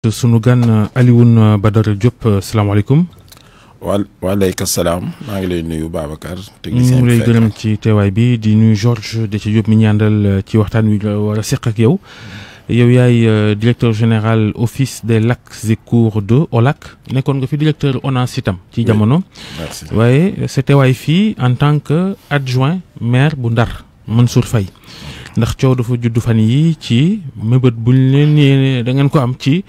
sunu gan uh, Alioune uh, Badara Diop uh, salaamaaleykum. wa waaleykum salaam maa ngi lay nuyu Babacar. technicien lay gërëm ci teewaay bi di nuyu Georges Déthié Diop mi ñu ci waxtaan wi war a seq ak yow. yow yaay directeur général office des lacs et cours de OLAC nekkoon nga fi directeur ONAS itam ci jamono. waaye sa teewaay fii en tant que adjoint maire bu Ndar Mansour Faye ndax coow dafa juddu fan yi ci mëbët buñ leen nee da ngeen ko am ci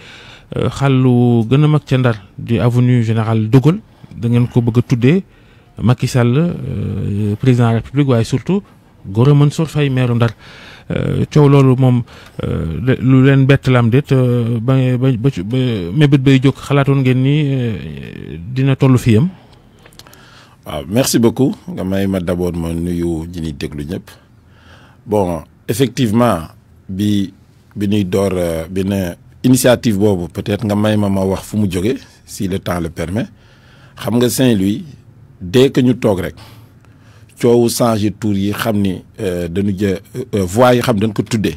euh, xàllu gën a mag ca Ndar di avenue général de Gaulle da ngeen ko bëgg a tuddee Macky Sall euh, président de la République waaye surtout Gora Mansour Faye meeru Ndar euh, coow loolu moom lu leen bett lam déet ba ba ba mébét bay jóg xalaatoon ngeen ni dina toll fi yam waaw ah, merci beaucoup nga may ma d'abord ma nuyu ñi déglu ñëpp effectivement bi bi ñuy door euh, bi ne initiative boobu peut-être nga may ma ma wax fu mu jóge si le temps le permet xam nga Saint-Louis dès que ñu toog rek coowu changé tour yi xam ni euh, dañu jë euh, voie yi xam dañ ko tuddee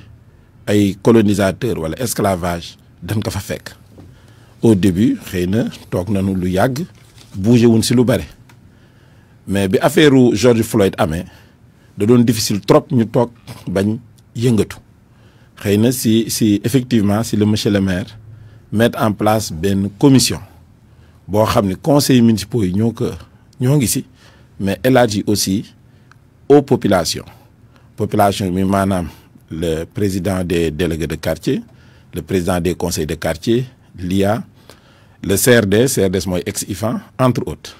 ay colonisateur wala esclavage dañ ko fa fekk au début xëy na toog nañu lu yàgg bougé wuñ si lu bare mais bi affaire George Floyd amee da doon difficile trop ñu toog bañ yëngatu xëy na si si effectivement si le monsieur le maire mettre en place benn commission boo xam ne conseil municipaux yi ñoo ko ñoo ngi si mais élargi aussi aux populations population bi maanaam le président des délégués de quartier le président des conseils de quartier l'IA le CRD CRDS mooy ex-IFAN entre autres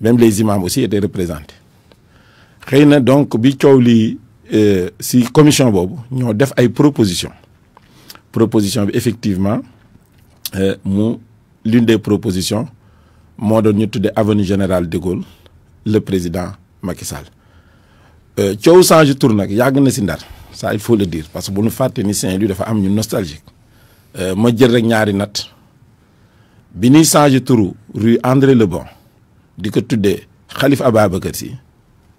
même les imams aussi étaient représenté xëy na donc bi coow li euh, si commission boobu ñoo def ay proposition proposition bi effectivement euh, mu l'une des propositions moo doon ñu tudde avenue Général de Gaulle le président Macky Sall euh, coow change tour nag yàgg na si ndar ça il faut le dire parce que bu ñu fàtte ni Saint-Louis dafa am ñu nostalgique ma jël rek ñaari nat bi ñuy change turu rue André bon di ko tuddee Khalifa Ababacar si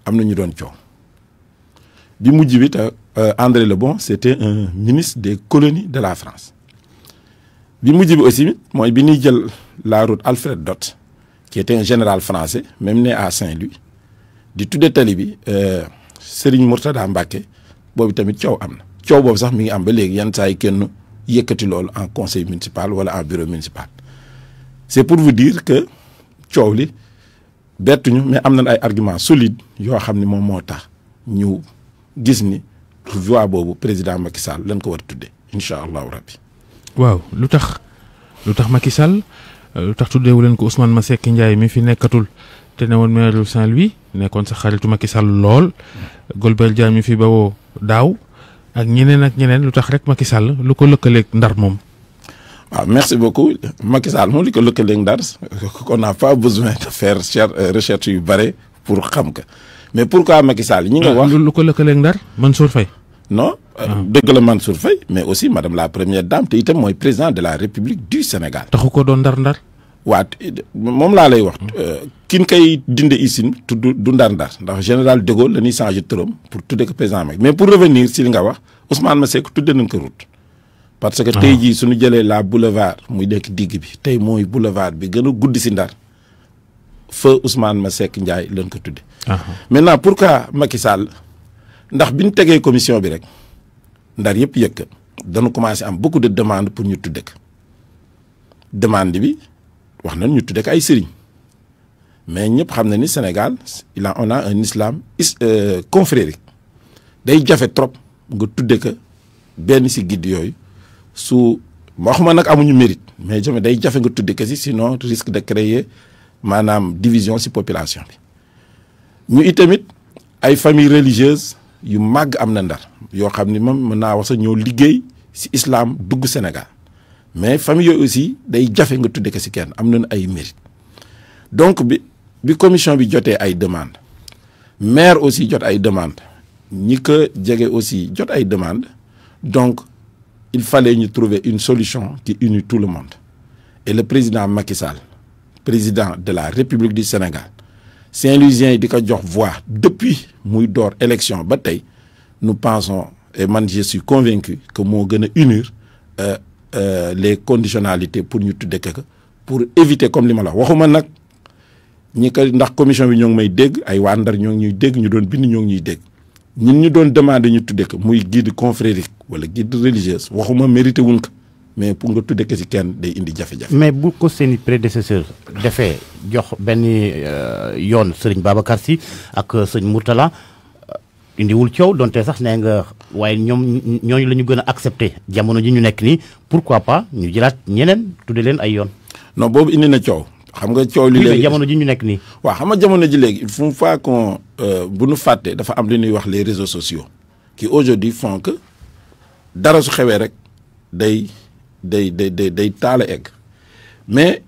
am na ñu doon coow bi mujj bi te euh, André Lebon c'était un ministre des colonies de la France bi mujj bi aussi mooy bi ñuy jël la route Alfred Dott qui était un général français même né à Saint-Louis di tudde tali bi euh, Serigne Mourtada Mbacké boobu tamit coow am na coow boobu sax mi ngi am ba léegi yan saa yi kenn yëkkati loolu en conseil municipal wala en bureau municipal c'est pour vous dire que coow li bettuñu mais am nañ ay argument solide yoo xam ne moom moo tax ñu gis ni voie boobu président Macky Sall lañ ko war a tudde incha allahu rabbi waaw lu tax lu tax Macky Sall euh, lu tax wu leen ko ma Masseck Ndiaye mi fi nekkatul te ne woon maire Saint-Louis nekkoon sa xaritu Macky Sall lool Golbert Diagne mi fi bawoo daaw ak ñeneen ak ñeneen lu tax rek Macky Sall lu ko lëkkaleek ndar moom Ah, merci beaucoup. Macky Sall, je que qu'on n'a pas besoin de faire recherche pour xam Khamka. Mais pour ko pourquoi Macky Sall Nous avons ah, Mansour Faye. Non, deug ah. la Mansour Faye, mais aussi madame la première dame, itam mooy président de la République du Sénégal. Taxu ko don ndar ndar. Wa moom laa lay wax hmm. euh, kin kay dindé isine tuddu du ndar ndar ndax général de Gaulle lañuy changer turam pour tudde ko président mais pour revenir ci li nga wax Ousmane Masseck tudde nañ ko route parce que tey jii suñu jëlee la boulevard muy dekk digg bi tey mooy boulevard bi gën a guddi si ndar feu ma Masseck Ndiaye lañ ko tudde ah. maintenant pourquoi Macky Sall ndax bi ñu tegee commission bi rek ndar yëpp yëkk dañu commencé am beaucoup de demandes pour ñu tudde ko demande bi wax nañ ñu tudde ay sëriñ mais ñëpp xam na ni Sénégal il a on a un islam euh, confrérique day jafe trop nga tudde ko benn si gidd yooyu su waxuma nag amuñu mérite mais jamais day jafe nga tudde kasi sinon risque de créer maanaam division si population bi ñu itamit ay famille religieuse yu màgg am na ndar yoo xam ni moom mën naa wax sax ñëw liggéey si islaam dugg Sénégal mais famille yooyu aussi day jafe nga tudde si kenn am nañu ay mérite donc bi bi commission bi jotee ay demande maire aussi jot ay demande ñi ko jege aussi jot ay demande donc il fallait ñu trouver une solution qui unit tout le monde et le président Macky Sall président de la République du Sénégal Saint-Louisiens yi di ko jox voix depuis muy door élection ba tey nu pensons et man je suis convaincu que moo gën a unir euh, euh, les conditionnalités pour ñu tudde ko pour éviter comme li ma la waxuma nag ñi ko ndax commission bi ñoo ngi may dégg ay waa Ndar ñoo ngi ñuy dégg ñu doon bind ñoo ngi ñuy dégg ñun ñu doon demandé ñu tudde ko muy guide confrérique wala guide religieuse waxuma mérité wuñ ko mais pour nga tuddee ko si kenn day indi jafe-jafe. mais bu ko seeni prédécesseur defee jox benn euh, yoon sëriñ Babacar Sy ak sëñ Mourtala euh, indiwul coow donte sax nee nga waaye ñoom ñooñu la ñu gën a accepté jamono ji ñu nekk nii pourquoi pas ñu jëlaat ñeneen tudde leen ay yoon. non boobu indi na coow. xam nga coow li léegi jamono ji ñu nekk nii. waaw xam nga jamono ji léegi il faut pas euh, bu nu fàtte dafa am lu nuy wax les réseaux sociaux ki aujourd'hui font que dara su xewee rek day day day day day taal a egg mais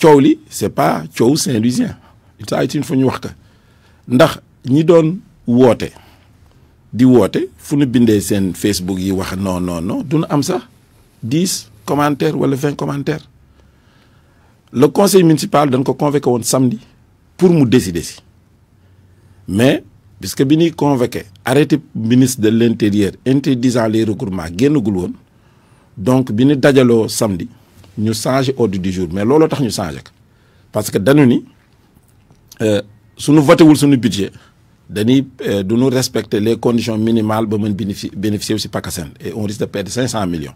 coow li c'est pas coow Saint-Louisien saa yu fu ñu wax ka ndax ñi doon woote di woote fu nu bindee seen Facebook yi wax non non du nu am sax dix commentaires wala vingt commentaires. le conseil municipal dañ ko convoqué woon samedi pour mu décider si mais puisque bi ñuy convoqué arrêté ministre de l' intérieur interdisant les regroupements génnagul woon donc bi nu dajaloo samedi ñu changé ordre du jour mais looloo tax ñu changé parce que dañu ni euh, suñu voté wul suñu budget dañuy euh, du ñu respecter les conditions minimales ba mën bénéficier bénéficier si PACASEN et on risque de perdre cinq cent millions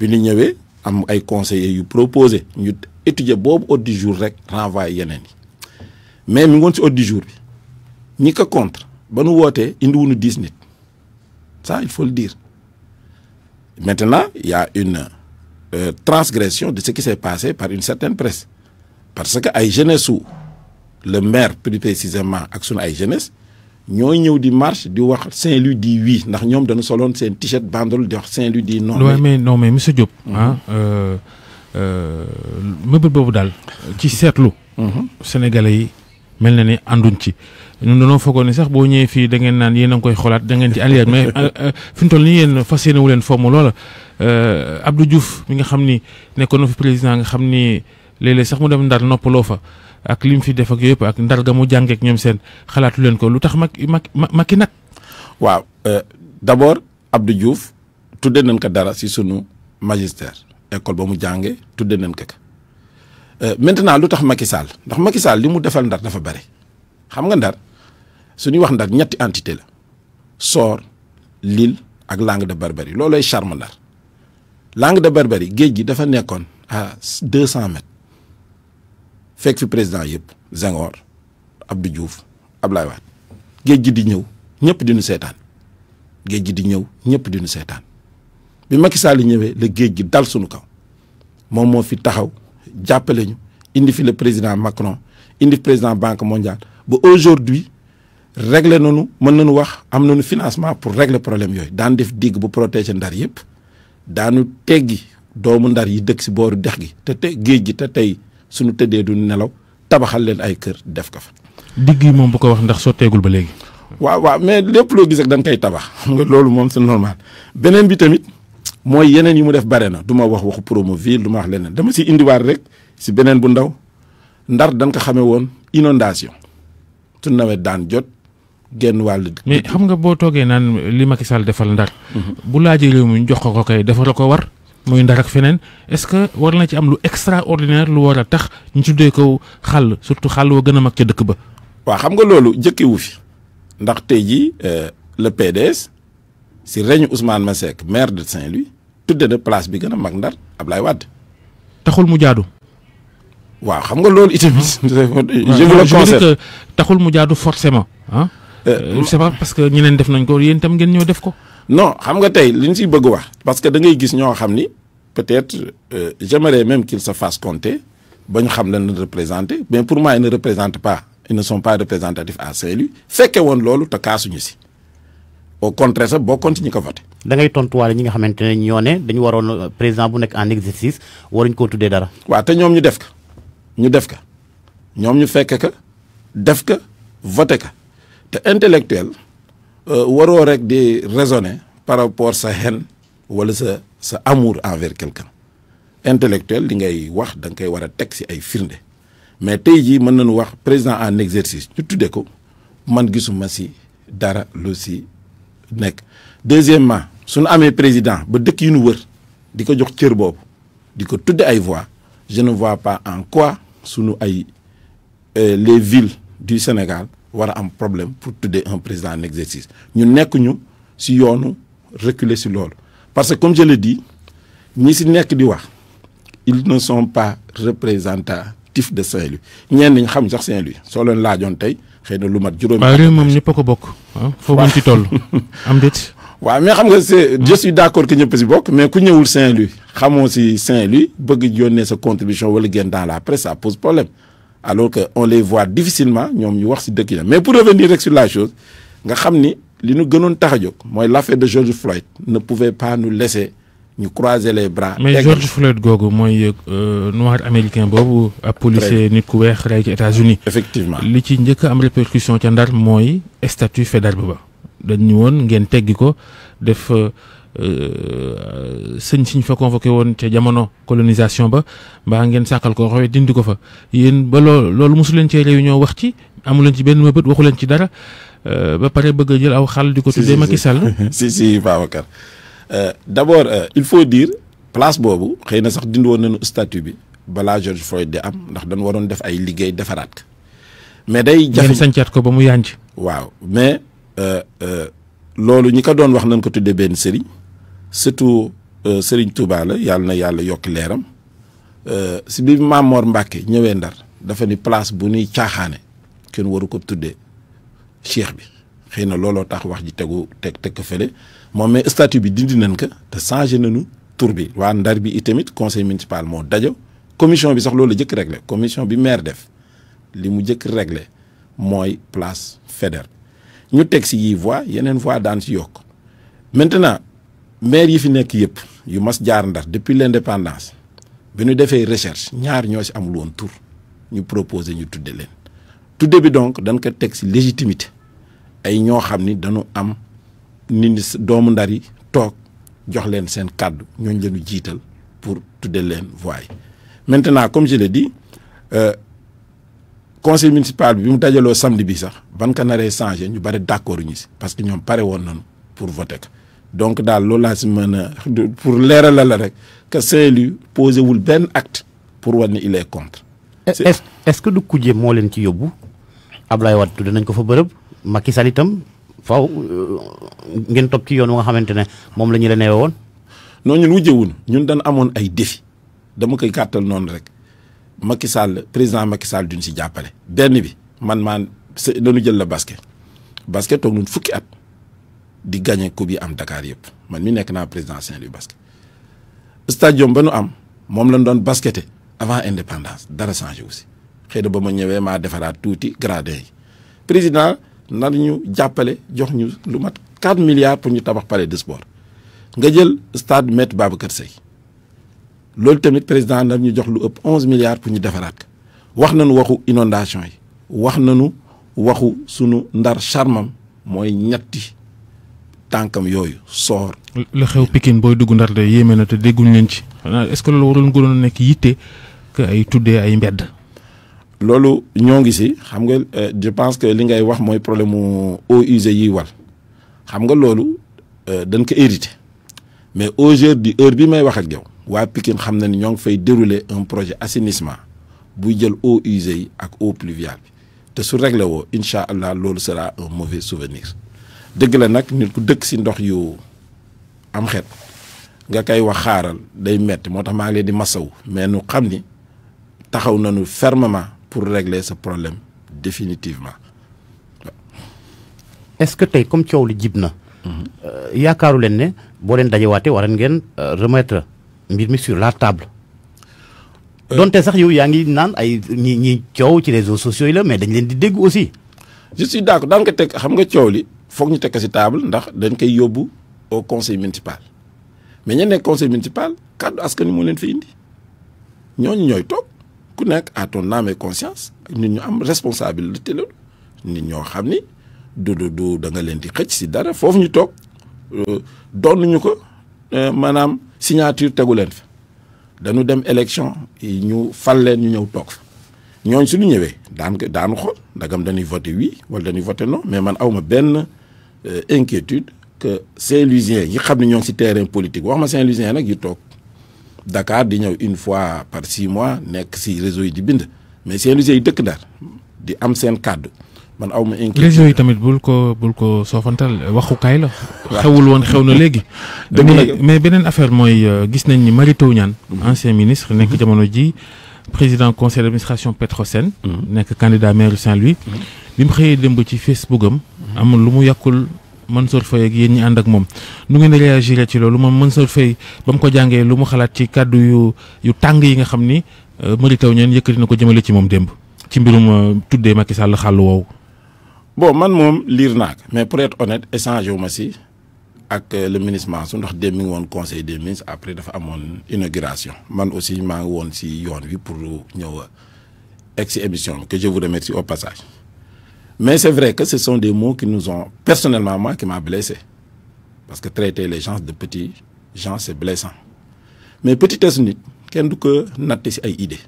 bi ñu ñëwee. am ay conseillers yu proposé ñu étudier boobu ordre di jour rek renvoyé yeneen yi mais mu ngoon si ordre di jour bi ñi ko contre ba nu wootee indiwuñu dix nit ça il faut le dire maintenant il y a une euh, transgression de ce qui s'est passé par une certaine presse parce que ay jeunesse su le maire plus précisément ak sunu ay jeunesse ñoo ñëw di marche di wax Saint-Louis dit oui ndax ñoom dañu soloon seen t-shirt banderole di wax Saint-Louis dit non. waaw mais non mais monsieur Diop. Mhm. Euh, euh, boobu daal ci seetlu. Mhm. Sénégalais yi mel na ni ànduñ ci ñun dañoo foogoon ni sax boo ñëwee fii dangeen ngeen naan yéen ngi koy xolaat da ngeen ci allié mais euh, fi toll nii yéen fa yéene wu leen fomm loola abdu juuf mi nga xam ni nekkoon na fi président nga xam ni léeg-léeg sax mu dem Ndar noppaloo fa. ak li mu fi def ak yëpp ak ndar mu jàngeek ñoom seen xalaatu leen ko lu tax Macky makki nag. waaw euh, d'abord abdu Diouf tudde nañ ko dara si sunu magistère école ba mu jàngee tuddee nañ ka ko euh, maintenant lu tax Macky Sall ndax Macky Sall li mu defal ndar dafa bari xam nga ndar su wax ndar ñetti entité la Soor Lille ak Langue de Barbarie loolooy charme ndar Langue de Barbarie géej gi dafa nekkoon a deux cent fekk fi président yëpp Senghor Abdou Diouf Ablaye Wade géej gi di ñëw ñëpp dinu nu seetaan géej gi di ñëw ñëpp di nu seetaan bi Macky Sall ñëwee la géej gi dal suñu kaw moom moo fi taxaw jàppale ñu indi fi le président Macron indi président Banque mondiale ba aujourd'hui réglé nañu mën nañu wax am nañu financement pour regle problème yooyu daan def digg bu protéger ndar yëpp daanu teggi doomu ndar yi dëkk si booru dex gi te te géej gi te tey suñu tëddee du nelaw tabaxal leen ay kër def ko fa. digg yi moom bu ko wax ndax sotteegul ba léegi. waaw waaw mais lépp loo gis ak da nga koy tabax xam nga loolu moom c'est normal beneen bi tamit mooy yeneen yi mu def bare na du ma wax waxu Promoville du ma wax leneen dama si indiwaat rek si beneen bu ndaw ndar dañ ko xamee woon inondation su nawet daan jot genn wàll. mais xam nga boo toogee naan li Macky Sall defal ndar. Mhm. bu laajee réew mi jox ko ko kay defal ko war. muy ndar ak feneen est-ce que war na ci am lu extraordinaire lu war a tax ñu tuddee ko xàll surtout xàll woo gën a mag ca dëkk ba. waa xam nga loolu jëkkiwu fi ndax tey jii euh, le PDS si règne Ousmane Masseck maire de Saint-Louis tudde de place bi gën a mag ndar Ablaye Wade. taxul mu jaadu. waaw xam nga loolu itamit. je vous le conseille taxul mu ah. c'est pas parce que ñeneen def nañ ko yéen itam ngeen ñëw def ko. non xam nga tey li ñu siy bëgg wax parce que da ngay gis ñoo xam ni peut-être euh, j'aimerais même qu'il sa fas compter ba ñu xam lan nu représenter mais pour moi ils ne représentent pas ils ne sont pas représentatifs à Saint-Louis fekke woon loolu te kaasuñu si au contraire sax boo continué ko voté. dangay ngay tontuwaale ñi nga xamante ne ñoo ne dañu waroon euh, président bu nekk en exercice waruñ koo tuddee dara. waaw te ñoom ñu def ko ñu def ka ñoom ñu fekke ko def ka voté ko te intellectuel Euh, waroo rek di raisonne par rapport sa haine wala sa sa amour envers quelqu'un intellectuel li ngay wax da nga koy war a teg ci ay firnde mais tey jii mën na nañu wax président en exercice ñu tuddee ko man gisuma ci dara lu si nekk. deuxièmement nu amee président ba dëkk yi nu wër di ko jox cër boobu di ko tudde ay voix je ne vois pas en quoi sunu ay euh, les villes du Sénégal. war a am problème pour de un président en exercice ñu nekk ñu si yoonu reculer si loolu parce que comme je le di ñi si nekk di wax ils ne sont pas représentatifs de saint ñeen ñenn ñi xam sax Saint-Louis soo leen laajoon tey xëy na lu mat juróom waaw réew moom ñëpp a ko bokk. waaw foofu ñu ci toll. am déet. waaw mais xam nga c'est je suis d'accord que ñëpp si bokk mais ku ñëwul Saint-Louis xamoo si Saint-Louis bëgg nee sa contribution wala génn dans la presse ça pose problème. alors que on les voit difficilement ñoom ñu wax si dëkk yi mais pour revenir rek sur la chose nga xam ni li nu gënoon tax a jóg mooy l'affaire de George Floyd ne pouvait pas nous laisser ñu croiser les bras. mais George Floyd googu mooy euh, noir américain boobu ab policier nit ku weex rey ci États-Unis effectivement li ci njëkk am répercussion ca ndar mooy statut Faidherbe ba dañ ñu woon ngeen teggi ko def. Euh, Euh, sëñ siñ fa convoqué woon ca jamono colonisation ba mbaa ngeen sàkkal ko roye dindi ko fa yéen ba loo loolu mosu leen cee réunion wax ci amu leen ci benn ma bët waxu leen ci dara euh, ba pare bëgg a jël aw xal di ko tuddee Macky Sall si si Babacar euh, d'abord il faut dire place boobu xëy na sax dindi woon nañu statut bi balaa George Floyd di am ndax dañu waroon def ay liggéey defaraat mais day jafe sancaat ko ba mu ci waaw mais loolu ñi ko doon wax nañ ko tuddee benn sëriñ surtout euh, Serigne Touba la yàlla na yàlla yokk leeram euh, si bi Mamor Mbacke ñëwee ndar dafa ni place bu nuy caaxaane kenn waru ko tuddee cheikh bi xëy na looloo tax wax ji tegu teg teg ko fële moom mais statu bi dindi nañ ko te changé nañu tur bi waa ndar bi itamit conseil municipal moo dajo commission bi sax loolu jëkk réglé commission bi maire def li mu jëkk réglé mooy place Faidherbe ñu teg si yii voie yeneen voie daan si yokk maire yi fi nekk yëpp yu mas jaar ndax depuis l'indépendance bi ñu defee recherche ñaar ñoo si amul woon tur ñu proposé ñu tudde leen tudde bi donc dañ ko teg si légitimité ay ñoo xam ni dañu am nit doomu ndar yi toog jox leen seen kàddu ñooñ leenu jiital pour tudde leen voix maintenant comme je l'ai dit euh, conseil municipal bi mu dajaloo samedi bi sax ban ko naree changé ñu bari d'accord ñu si parce que ñoom pare woon nañu pour voter ko donc daal loolu laa si mën a pour leeralal la rek que Saint-Louis posé wul benn acte pour wane ni il est contre. est est-ce que du kuje moo leen ci yóbbu ab laay tudd nañ ko fa bërëb Macky Sall itam faaw euh, ngeen topp ci yoon wu nga xamante ne moom la ñu la newe woon. non ñun wujjewuñu ñun dañ amoon ay défi dama koy gàttal noonu rek Macky Sall président Macky Sall duñ si jàppale. benn bi man maan dañu jël la basket basket toog nañ fukki at. di gagné coupe yi am Dakar yëpp man mi nekk naa président Saint-Louis basket stadium ba nu am moom lañ doon basketé avant indépendance dara changé aussi xëy na ba ma ñëwee maa defaraat tuuti gradin yi président nar ñu jàppale jox ñu lu mat 4 milliards pour ñu tabax palais de sport nga jël stade Maître Babacar Seye loolu tamit président nar ñu jox lu ëpp 11 milliards pour ñu defaraat ko wax nañu waxu inondation yi wax nañu waxu sunu ndar charmam mooy ñetti. tànkam yooyu soor. la xew Pikine booy dugg ndar de yéeme na te dégguñ leen ci xanaa est-ce que loolu waroon gënoon a nekk yitte que ay tuddee ay mbedd. loolu ñoo ngi si xam nga euh, je pense que li ngay wax mooy problème mu eaux usées yiy wal xam nga loolu euh, dan ko hérité mais au du heure bi may wax ak yow waa Pikine xam na ni ñoo ngi fay dérouler un projet assainissement buy jël eaux use yi ak eau pluviale bi te su réglé woo incha allah loolu sera un mauvais souvenir. dëgg la nag nit ku dëkk si ndox yu am xet nga koy wax xaaral day metti moo tax maa ngi leen di masaw mais nu xam ni taxaw na nañu fermement pour régler sa problème définitivement. est-ce que tey comme coow li jib na. Mhm. yaakaaru leen ne boo leen dajewaatee war ngeen euh, remettre mbir mi sur la table. Euh, donte sax yow yaa ngi naan ay ñi ñii coow ci réseaux sociaux yi la mais dañ leen di déggu aussi. je suis d'accord daan teg xam nga coow li. foog ñu tekk si table ndax dañ koy yóbbu au conseil municipal mais ña nekk conseil municipal kàddu askan wi moo leen fi indi ñooñu ñooy toog ku nekk à ton âme et conscience nit ñu am responsabilité la nit ñoo xam ni du du du da nga leen di xëcc si dara foofu ñu toog euh, doon ñu ko euh, maanaam signature tegu leen fa dañu dem élection ñu fal leen ñu ñëw toog fa ñooñ suñu ñëwee daan daanu xool ndagam dañuy voté oui wala dañuy voté non mais man awma benn Euh, inquiétude que Saint-Louisiens yi xam ne ñoo ngi ci terrain politique wax ma Saint-Louisiens nag yu toog Dakar di ñëw une fois par six mois nekk si réseau yi di bind mais Saint-Louisiens yi dëkk Ndar di am seen kàddu man aw ma inquiétude réseau yi tamit bul ko bul ko soofantal waxukaay la. xewul woon xew na léegi. mais beneen affaire mooy euh, gis nañ ni Mary Teuw Niane mm-hmm. ancien ministre nekk mm-hmm. jamono ji président conseil d' administration Petrosen. Mm-hmm. nekk candidat maire Saint-Louis. Mm-hmm. bi mu xëyee démb ci Facebook am. am lu mu yàkkul Mansour Faye ak yéen ñi ànd ak moom nu ngeen di réagir ci loolu moom soo Faye ba mu ko jàngee lu mu xalaat ci kàddu yu tàng yi nga xam ni euh, Mary Teuw Niane yëkkati na ko jëmale ci moom démb ci mbirum euh, tuddee Macky Sall xàll woowu. bon man moom liir naa ko mais pour être honnête échange wu ma si. ak euh, le ministre Mansour ndax dem mi woon conseil des ministres après dafa amoon inauguration man aussi maa ngi woon si yoon wi pour ñëw euh, egg si émission bi que je vous remercie au passage mais c'est vrai que ce sont des mots qui nous ont personnellement moi qui m'a blessé parce que traiter les gens de petits gens c'est blessant mais petitesse nit kenn du ko natte si ay idées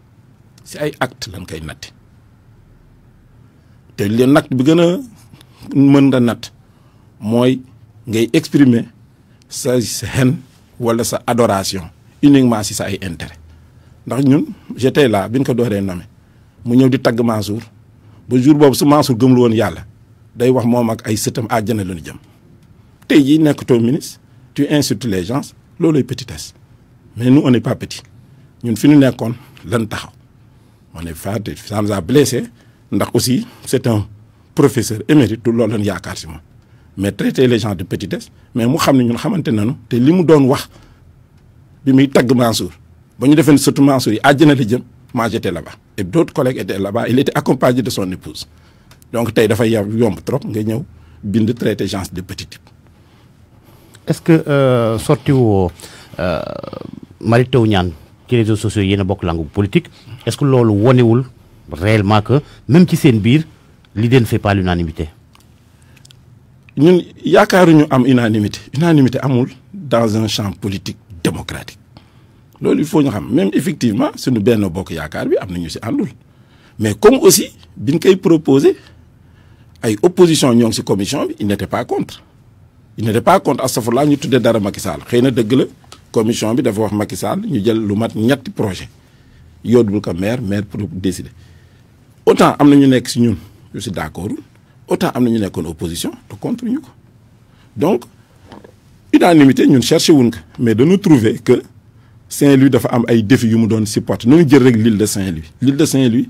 si ay actes lañ kay natte te leen natt bi gën a mën a natt mooy. ngay exprimer sa haine wala sa adoration uniquement si sa ay intérêt ndax ñun j'étais là bi ñu ko dooree nommé mu ñëw di tagg Mansour ba jour boobu su Mansour gëmul woon yàlla day wax moo ak ay sëtam àjjana la ñu jëm tey jii nekkatoo ministre tu insultes les loolu looluy petitesse mais nous on n'est pas petit ñun fi ñu nekkoon lan taxaw on est fat ça nous a blessé ndax aussi c'est un professeur émérite du loolu lan yaakaar si moom mais traité les gens de petitesse mais mu xam ne ñun xamante nañu te li mu doon wax bi muy tagg Mansour ba ñu defee sot Mansour yi àjjana la jëm moi j'étais là-bas et d'autres collègues étaient là-bas il était accompagné de son épouse donc tey dafay yomb trop nga ñëw bind traiter gence de petit est-ce que euh, sorti woo euh, Mary Teuw Niane ci réseaux sociaux yéen a bokk langue politique est-ce que loolu wonewul réellement que même ci seen biir l'idée ne fait pas l'unanimité ñun ñu am unanimité unanimité amul dans un champ politique démocratique loolu il faut ñu xam même effectivement suñu benn bokk yaakaar bi am na ñu si àndul mais comme aussi biñ koy proposé ay opposition ñoo ngi si commission bi il n'était pas contre il n'était pas contre astafurlaa ñu tuddee dara Macky Sall xëy na dëgg la commission bi dafa wax Macky ñu jël lu mat ñetti projet yóodul ko maire maire pour décider autant am na ñu nekk si ñun ñu si d'accord autant am na ñu nekkoon opposition te contre ñu ko donc unanimité ñun cherché wuñ mais dañu trouver que Saint-Louis dafa am ay défis yu mu doon supporter nu jël rek l'île de Saint-Louis l'île de Saint-Louis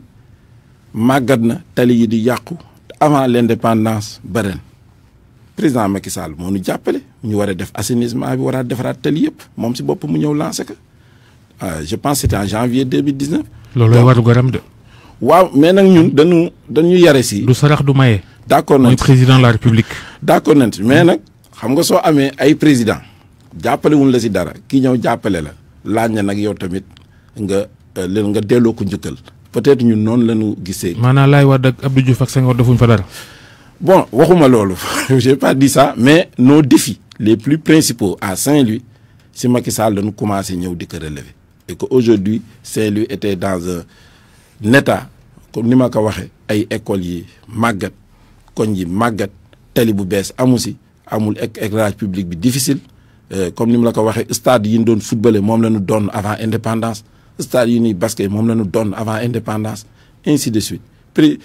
màggat na tali yi di yàqu avant l'indépendance ba ren président Macky Sall moo ñu jàppale ñu war a def assainissement bi war a defaraat tali yëpp moom si bopp mu ñëw lancé ko euh, je pense c'était en janvier 2019. loolu waru garam de. waaw mais nag ñun dañu dañu yare si. du sarax du maye. d' accord nañ président la république. d' accord nañ mais hmm. nag xam nga soo amee ay président jàppale wuñ la si dara kii ñëw jàppale la laaj na nag yow tamit nga euh, leen nga delloo ko njëkkal peut-être ñun noonu la ñu gisee. maanaam Laay Wade ak Abdou Diouf ak Senghor defuñ fa dara. bon waxuma loolu j'ai pas dit ça mais nos défis les plus principaux à Saint-Louis si Macky Sall la ñu commencé ñëw di ko relever et que aujourd'hui Saint-Louis était dans un état comme ni ma ko waxee ay écoles yi màggat. koñ ji màggat tali bu bees amu si amul éclairage publique bi difficile euh, comme ni mu la ko waxee stade yi ñu doon footballé moom la ñu doon avant indépendance stade yi ñuy basket moom la ñu doon avant indépendance ainsi de suite prix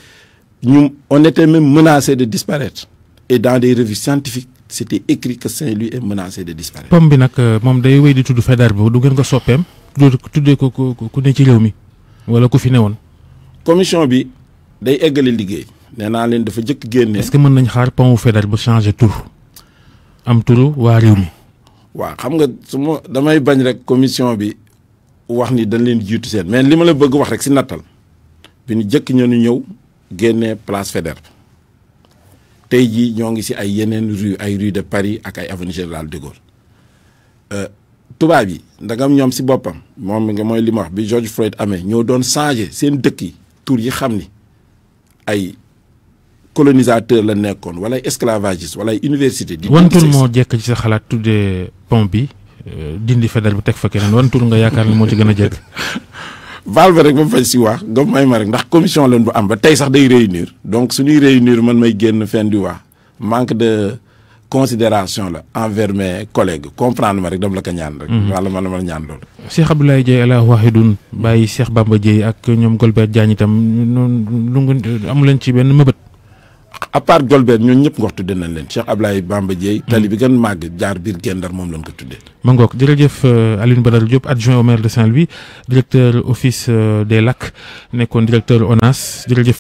ñu on était même menacé de disparaître et dans des revues scientifiques c' était écrit que Saint-Louis est menacé de disparaître. pom bi nag euh, moom day wéy di tudd Faidherbe bu du gën ko soppeem. tuddee ko ku ne ci réew mi wala ku fi newoon. commission bi day eggale liggéey. nee naa leen dafa jëkk génne. est-ce que mën nañ xaar pont wu Faidherbe bu changé tur am turu waa réew mi. waaw xam nga su ma damay bañ rek commission bi wax ni dañ leen jiitu seen mais li ma la bëgg wax rek si nattal bi ñu jëkk ñu ñëw génne place Faidherbe tey jii ñoo ngi si ay yeneen rue ay rue de Paris ak ay avenue Général de Gaulle euh, tubaab yi ndagam ñoom si boppam moom nga mooy li ma wax bi George Floyd amee ñoo doon changé seen dëkk yi tur yi xam ni ay. colonisateur la nekkoon wala esclavagiste wala université. di wantul moo jekk ci sa xalaat tuddee pont bi euh, dindi fedal bi teg fa keneen wantul nga yaakaar ni moo ci gën a jekk. val ba rek ba mu fay si wax di wax manque la envers mes ma rek dama la ko ñaan rek. Mhm. wala ma la ma ñaan loolu. Cheikh Abdoulaye Dieye allah wahidun bàyyi Cheikh Bamba Dieye ak ñoom Golbert Diagne itam noonu lu nga ci benn mëbët. à part Golbert ñooñu ñëpp ngox tudde nañ leen Cheikh Ablaye Bamba Dieye tali bi gën màgg jaar biir Gendar moom lañ ko tuddee ma ngoog jërëjëf euh, Alioune Badara Diop adjoint au de Saint-Louis directeur office euh, des lacs nekkoon directeur ONAS jërëjëf